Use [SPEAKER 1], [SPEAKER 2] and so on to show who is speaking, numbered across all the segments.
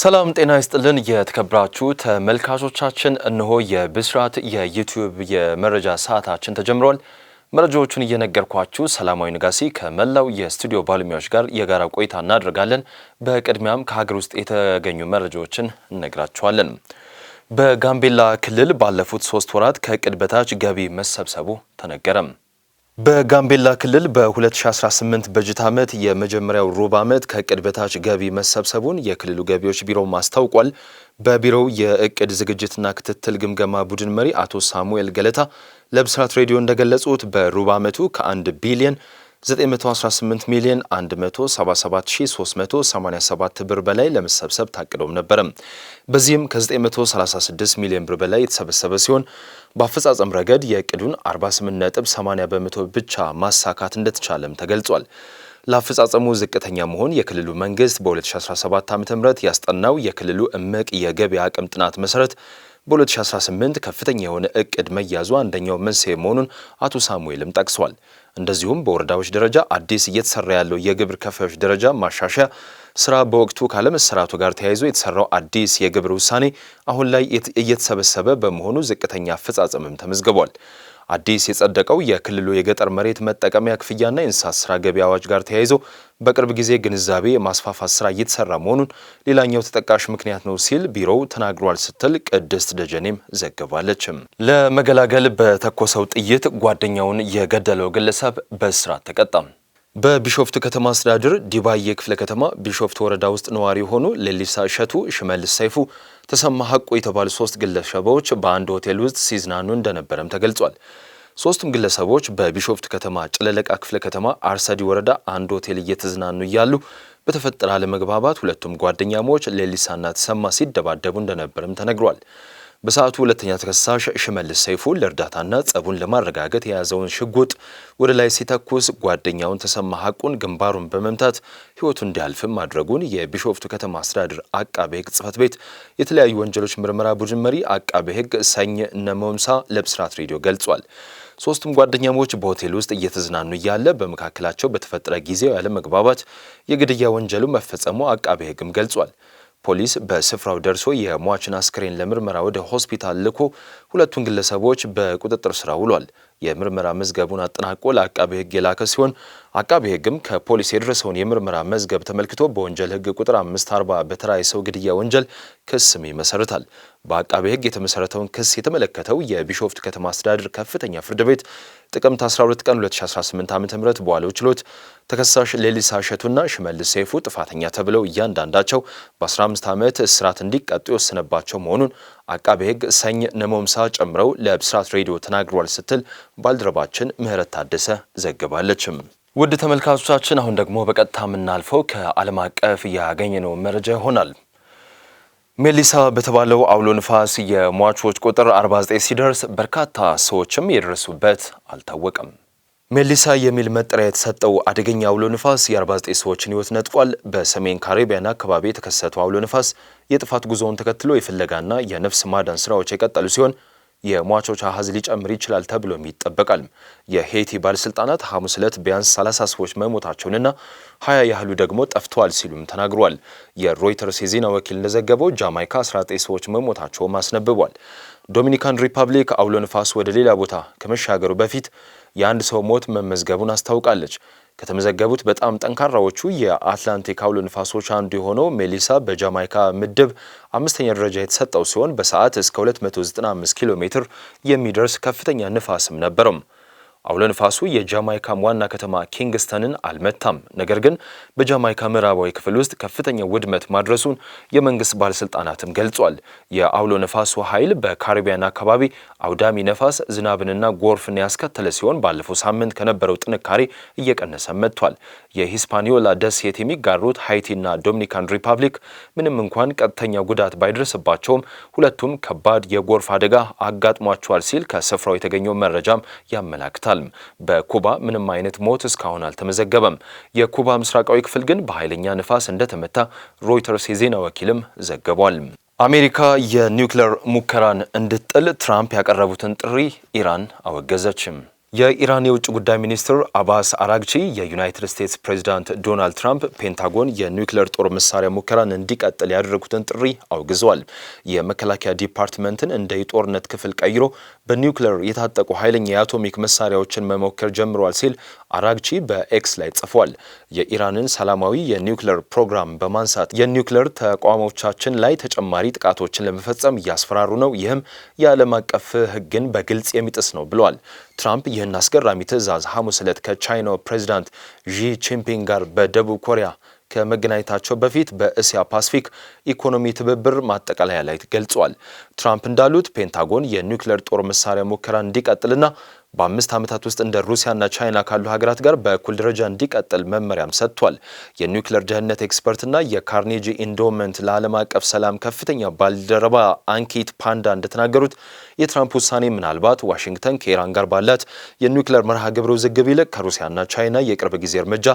[SPEAKER 1] ሰላም ጤና ይስጥልን የተከብራችሁ ተመልካቾቻችን፣ እነሆ የብስራት የዩቲዩብ የመረጃ ሰዓታችን ተጀምሯል። መረጃዎቹን እየነገርኳችሁ ሰላማዊ ንጋሲ ከመላው የስቱዲዮ ባለሙያዎች ጋር የጋራ ቆይታ እናደርጋለን። በቅድሚያም ከሀገር ውስጥ የተገኙ መረጃዎችን እነግራችኋለን። በጋምቤላ ክልል ባለፉት ሶስት ወራት ከዕቅድ በታች ገቢ መሰብሰቡ ተነገረም። በጋምቤላ ክልል በ2018 በጀት ዓመት የመጀመሪያው ሩብ ዓመት ከእቅድ በታች ገቢ መሰብሰቡን የክልሉ ገቢዎች ቢሮ አስታውቋል። በቢሮው የእቅድ ዝግጅትና ክትትል ግምገማ ቡድን መሪ አቶ ሳሙኤል ገለታ ለብስራት ሬዲዮ እንደገለጹት በሩብ ዓመቱ ከ1 ቢሊዮን 918 ሚሊዮን 177387 ብር በላይ ለመሰብሰብ ታቅዶም ነበር። በዚህም ከ936 ሚሊዮን ብር በላይ የተሰበሰበ ሲሆን በአፈጻጸም ረገድ የእቅዱን 48.80 በመቶ ብቻ ማሳካት እንደተቻለም ተገልጿል። ለአፈጻጸሙ ዝቅተኛ መሆን የክልሉ መንግስት በ2017 ዓ ም ያስጠናው የክልሉ እምቅ የገቢ አቅም ጥናት መሰረት በ2018 ከፍተኛ የሆነ እቅድ መያዙ አንደኛው መንስኤ መሆኑን አቶ ሳሙኤልም ጠቅሷል። እንደዚሁም በወረዳዎች ደረጃ አዲስ እየተሰራ ያለው የግብር ከፋዮች ደረጃ ማሻሻያ ስራ በወቅቱ ካለመሰራቱ ጋር ተያይዞ የተሰራው አዲስ የግብር ውሳኔ አሁን ላይ እየተሰበሰበ በመሆኑ ዝቅተኛ አፈጻጸምም ተመዝግቧል። አዲስ የጸደቀው የክልሉ የገጠር መሬት መጠቀሚያ ክፍያና የእንስሳት ስራ ገቢ አዋጅ ጋር ተያይዞ በቅርብ ጊዜ ግንዛቤ የማስፋፋት ስራ እየተሰራ መሆኑን ሌላኛው ተጠቃሽ ምክንያት ነው ሲል ቢሮው ተናግሯል ስትል ቅድስት ደጀኔም ዘግባለች። ለመገላገል በተኮሰው ጥይት ጓደኛውን የገደለው ግለሰብ በእስራት ተቀጣም። በቢሾፍት ከተማ አስተዳደር ዲባዬ ክፍለ ከተማ ቢሾፍት ወረዳ ውስጥ ነዋሪ የሆኑ ሌሊሳ እሸቱ፣ ሽመልስ ሰይፉ፣ ተሰማ ሀቁ የተባሉ ሶስት ግለሰቦች በአንድ ሆቴል ውስጥ ሲዝናኑ እንደነበረም ተገልጿል። ሶስቱም ግለሰቦች በቢሾፍት ከተማ ጭለለቃ ክፍለ ከተማ አርሰዲ ወረዳ አንድ ሆቴል እየተዝናኑ እያሉ በተፈጠረ አለመግባባት ሁለቱም ጓደኛሞች ሌሊሳና ተሰማ ሲደባደቡ እንደነበርም ተነግሯል። በሰዓቱ ሁለተኛ ተከሳሽ ሽመልስ ሰይፉ ለእርዳታና ጸቡን ለማረጋገጥ የያዘውን ሽጉጥ ወደ ላይ ሲተኩስ ጓደኛውን ተሰማ ሀቁን ግንባሩን በመምታት ሕይወቱ እንዲያልፍም ማድረጉን የቢሾፍቱ ከተማ አስተዳደር አቃቤ ሕግ ጽፈት ቤት የተለያዩ ወንጀሎች ምርመራ ቡድን መሪ አቃቤ ሕግ ሰኝ ነመምሳ ለብስራት ሬዲዮ ገልጿል። ሶስቱም ጓደኛሞች በሆቴል ውስጥ እየተዝናኑ እያለ በመካከላቸው በተፈጠረ ጊዜው ያለመግባባት የግድያ ወንጀሉ መፈጸሙ አቃቤ ሕግም ገልጿል። ፖሊስ በስፍራው ደርሶ የሟችን አስክሬን ለምርመራ ወደ ሆስፒታል ልኮ ሁለቱን ግለሰቦች በቁጥጥር ስራ ውሏል። የምርመራ መዝገቡን አጠናቆ ለአቃቢ ሕግ የላከ ሲሆን አቃቢ ሕግም ከፖሊስ የደረሰውን የምርመራ መዝገብ ተመልክቶ በወንጀል ሕግ ቁጥር 540 በተራ የሰው ግድያ ወንጀል ክስም ይመሰርታል። በአቃቢ ሕግ የተመሰረተውን ክስ የተመለከተው የቢሾፍት ከተማ አስተዳደር ከፍተኛ ፍርድ ቤት ጥቅምት 12 ቀን 2018 ዓ.ም በዋለው ችሎት ተከሳሽ ሌሊሳ እሸቱና ሽመልስ ሰይፉ ጥፋተኛ ተብለው እያንዳንዳቸው በ15 ዓመት እስራት እንዲቀጡ የወሰነባቸው መሆኑን አቃቤ ሕግ ሰኝ ነሞምሳ ጨምረው ለብስራት ሬዲዮ ተናግሯል ስትል ባልደረባችን ምህረት ታደሰ ዘግባለችም። ውድ ተመልካቾቻችን አሁን ደግሞ በቀጥታ የምናልፈው ከዓለም አቀፍ ያገኘነው መረጃ ይሆናል። ሜሊሳ በተባለው አውሎ ንፋስ የሟቾች ቁጥር 49 ሲደርስ በርካታ ሰዎችም የደረሱበት አልታወቀም። ሜሊሳ የሚል መጠሪያ የተሰጠው አደገኛ አውሎ ንፋስ የ49 ሰዎችን ህይወት ነጥቋል። በሰሜን ካሪቢያን አካባቢ የተከሰተው አውሎ ንፋስ የጥፋት ጉዞውን ተከትሎ የፍለጋና የነፍስ ማዳን ስራዎች የቀጠሉ ሲሆን የሟቾች አሃዝ ሊጨምር ይችላል ተብሎም ይጠበቃል። የሄይቲ ባለሥልጣናት ሐሙስ ዕለት ቢያንስ 30 ሰዎች መሞታቸውንና 20 ያህሉ ደግሞ ጠፍተዋል ሲሉም ተናግረዋል። የሮይተርስ የዜና ወኪል እንደዘገበው ጃማይካ 19 ሰዎች መሞታቸውም አስነብቧል። ዶሚኒካን ሪፐብሊክ አውሎ ንፋስ ወደ ሌላ ቦታ ከመሻገሩ በፊት የአንድ ሰው ሞት መመዝገቡን አስታውቃለች። ከተመዘገቡት በጣም ጠንካራዎቹ የአትላንቲክ አውሎ ንፋሶች አንዱ የሆነው ሜሊሳ በጃማይካ ምድብ አምስተኛ ደረጃ የተሰጠው ሲሆን በሰዓት እስከ 295 ኪሎ ሜትር የሚደርስ ከፍተኛ ንፋስም ነበረም። አውሎ ንፋሱ የጃማይካም ዋና ከተማ ኪንግስተንን አልመታም። ነገር ግን በጃማይካ ምዕራባዊ ክፍል ውስጥ ከፍተኛ ውድመት ማድረሱን የመንግስት ባለስልጣናትም ገልጿል። የአውሎ ነፋሱ ኃይል በካሪቢያን አካባቢ አውዳሚ ነፋስ ዝናብንና ጎርፍን ያስከተለ ሲሆን ባለፈው ሳምንት ከነበረው ጥንካሬ እየቀነሰ መጥቷል። የሂስፓኒዮላ ደሴት የሚጋሩት ሃይቲና ዶሚኒካን ሪፐብሊክ ምንም እንኳን ቀጥተኛ ጉዳት ባይደርስባቸውም ሁለቱም ከባድ የጎርፍ አደጋ አጋጥሟቸዋል ሲል ከስፍራው የተገኘው መረጃም ያመላክታል። ተገልጿል። በኩባ ምንም አይነት ሞት እስካሁን አልተመዘገበም። የኩባ ምስራቃዊ ክፍል ግን በኃይለኛ ንፋስ እንደተመታ ሮይተርስ የዜና ወኪልም ዘግቧል። አሜሪካ የኒውክሌር ሙከራን እንድትጥል ትራምፕ ያቀረቡትን ጥሪ ኢራን አወገዘችም። የኢራን የውጭ ጉዳይ ሚኒስትር አባስ አራግቺ የዩናይትድ ስቴትስ ፕሬዚዳንት ዶናልድ ትራምፕ ፔንታጎን የኒውክሌር ጦር መሳሪያ ሙከራን እንዲቀጥል ያደረጉትን ጥሪ አውግዘዋል። የመከላከያ ዲፓርትመንትን እንደ የጦርነት ክፍል ቀይሮ በኒውክሌር የታጠቁ ኃይለኛ የአቶሚክ መሳሪያዎችን መሞከር ጀምረዋል ሲል አራግቺ በኤክስ ላይ ጽፏል። የኢራንን ሰላማዊ የኒውክሌር ፕሮግራም በማንሳት የኒውክሌር ተቋሞቻችን ላይ ተጨማሪ ጥቃቶችን ለመፈጸም እያስፈራሩ ነው፣ ይህም የዓለም አቀፍ ሕግን በግልጽ የሚጥስ ነው ብለዋል ትራምፕ ይህን አስገራሚ ትዕዛዝ ሐሙስ ዕለት ከቻይናው ፕሬዚዳንት ዢ ጂንፒንግ ጋር በደቡብ ኮሪያ ከመገናኘታቸው በፊት በእስያ ፓሲፊክ ኢኮኖሚ ትብብር ማጠቃለያ ላይ ገልጿል። ትራምፕ እንዳሉት ፔንታጎን የኒውክሌር ጦር መሳሪያ ሙከራ እንዲቀጥልና በአምስት ዓመታት ውስጥ እንደ ሩሲያና ቻይና ካሉ ሀገራት ጋር በእኩል ደረጃ እንዲቀጥል መመሪያም ሰጥቷል። የኒውክሌር ደህንነት ኤክስፐርትና የካርኔጂ ኢንዶመንት ለዓለም አቀፍ ሰላም ከፍተኛ ባልደረባ አንኬት ፓንዳ እንደተናገሩት የትራምፕ ውሳኔ ምናልባት ዋሽንግተን ከኢራን ጋር ባላት የኒውክሌር መርሃ ግብር ውዝግብ ይልቅ ከሩሲያና ቻይና የቅርብ ጊዜ እርምጃ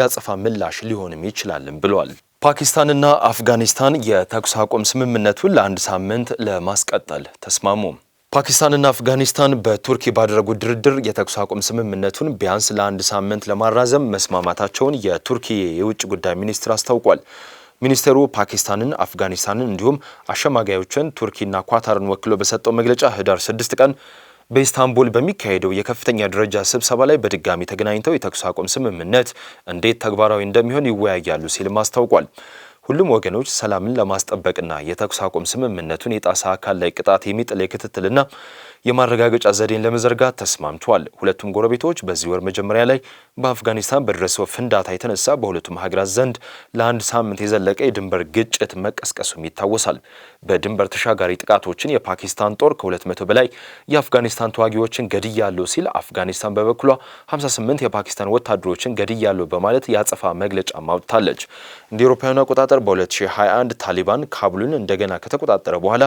[SPEAKER 1] ያጸፋ ምላሽ ሊሆንም ይችላልም ብሏል። ፓኪስታንና አፍጋኒስታን የተኩስ አቁም ስምምነቱን ለአንድ ሳምንት ለማስቀጠል ተስማሙ። ፓኪስታንና አፍጋኒስታን በቱርኪ ባደረጉት ድርድር የተኩስ አቁም ስምምነቱን ቢያንስ ለአንድ ሳምንት ለማራዘም መስማማታቸውን የቱርኪ የውጭ ጉዳይ ሚኒስትር አስታውቋል። ሚኒስቴሩ ፓኪስታንን፣ አፍጋኒስታንን እንዲሁም አሸማጋዮችን ቱርኪና ኳታርን ወክሎ በሰጠው መግለጫ ህዳር 6 ቀን በኢስታንቡል በሚካሄደው የከፍተኛ ደረጃ ስብሰባ ላይ በድጋሚ ተገናኝተው የተኩስ አቁም ስምምነት እንዴት ተግባራዊ እንደሚሆን ይወያያሉ ሲልም አስታውቋል። ሁሉም ወገኖች ሰላምን ለማስጠበቅና የተኩስ አቁም ስምምነቱን የጣሰ አካል ላይ ቅጣት የሚጥል የክትትልና የማረጋገጫ ዘዴን ለመዘርጋት ተስማምቷል። ሁለቱም ጎረቤቶች በዚህ ወር መጀመሪያ ላይ በአፍጋኒስታን በደረሰው ፍንዳታ የተነሳ በሁለቱም ሀገራት ዘንድ ለአንድ ሳምንት የዘለቀ የድንበር ግጭት መቀስቀሱም ይታወሳል። በድንበር ተሻጋሪ ጥቃቶችን የፓኪስታን ጦር ከ200 በላይ የአፍጋኒስታን ተዋጊዎችን ገድያለሁ ሲል፣ አፍጋኒስታን በበኩሏ 58 የፓኪስታን ወታደሮችን ገድያለሁ በማለት የአጸፋ መግለጫ ማውጥታለች። እንደ አውሮፓውያኑ አቆጣጠር በ2021 ታሊባን ካቡልን እንደገና ከተቆጣጠረ በኋላ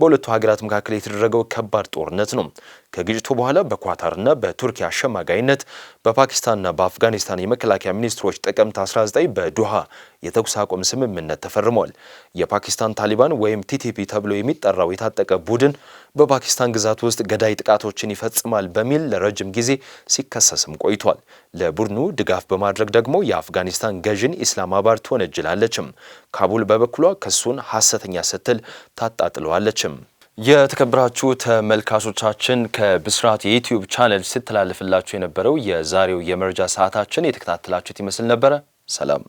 [SPEAKER 1] በሁለቱ ሀገራት መካከል የተደረገው ከባድ ጦርነት ጦርነት ነው። ከግጭቱ በኋላ በኳታርና በቱርኪ አሸማጋይነት በፓኪስታንና በአፍጋኒስታን የመከላከያ ሚኒስትሮች ጥቅምት 19 በዱሃ የተኩስ አቁም ስምምነት ተፈርሟል። የፓኪስታን ታሊባን ወይም ቲቲፒ ተብሎ የሚጠራው የታጠቀ ቡድን በፓኪስታን ግዛት ውስጥ ገዳይ ጥቃቶችን ይፈጽማል በሚል ለረጅም ጊዜ ሲከሰስም ቆይቷል። ለቡድኑ ድጋፍ በማድረግ ደግሞ የአፍጋኒስታን ገዥን ኢስላማባድ ትወነጅላለችም። ካቡል በበኩሏ ክሱን ሐሰተኛ ስትል ታጣጥለዋለችም። የተከበራችሁ ተመልካቾቻችን ከብስራት የዩትዩብ ቻነል ሲተላለፍላችሁ የነበረው የዛሬው የመረጃ ሰዓታችን የተከታተላችሁት ይመስል ነበረ። ሰላም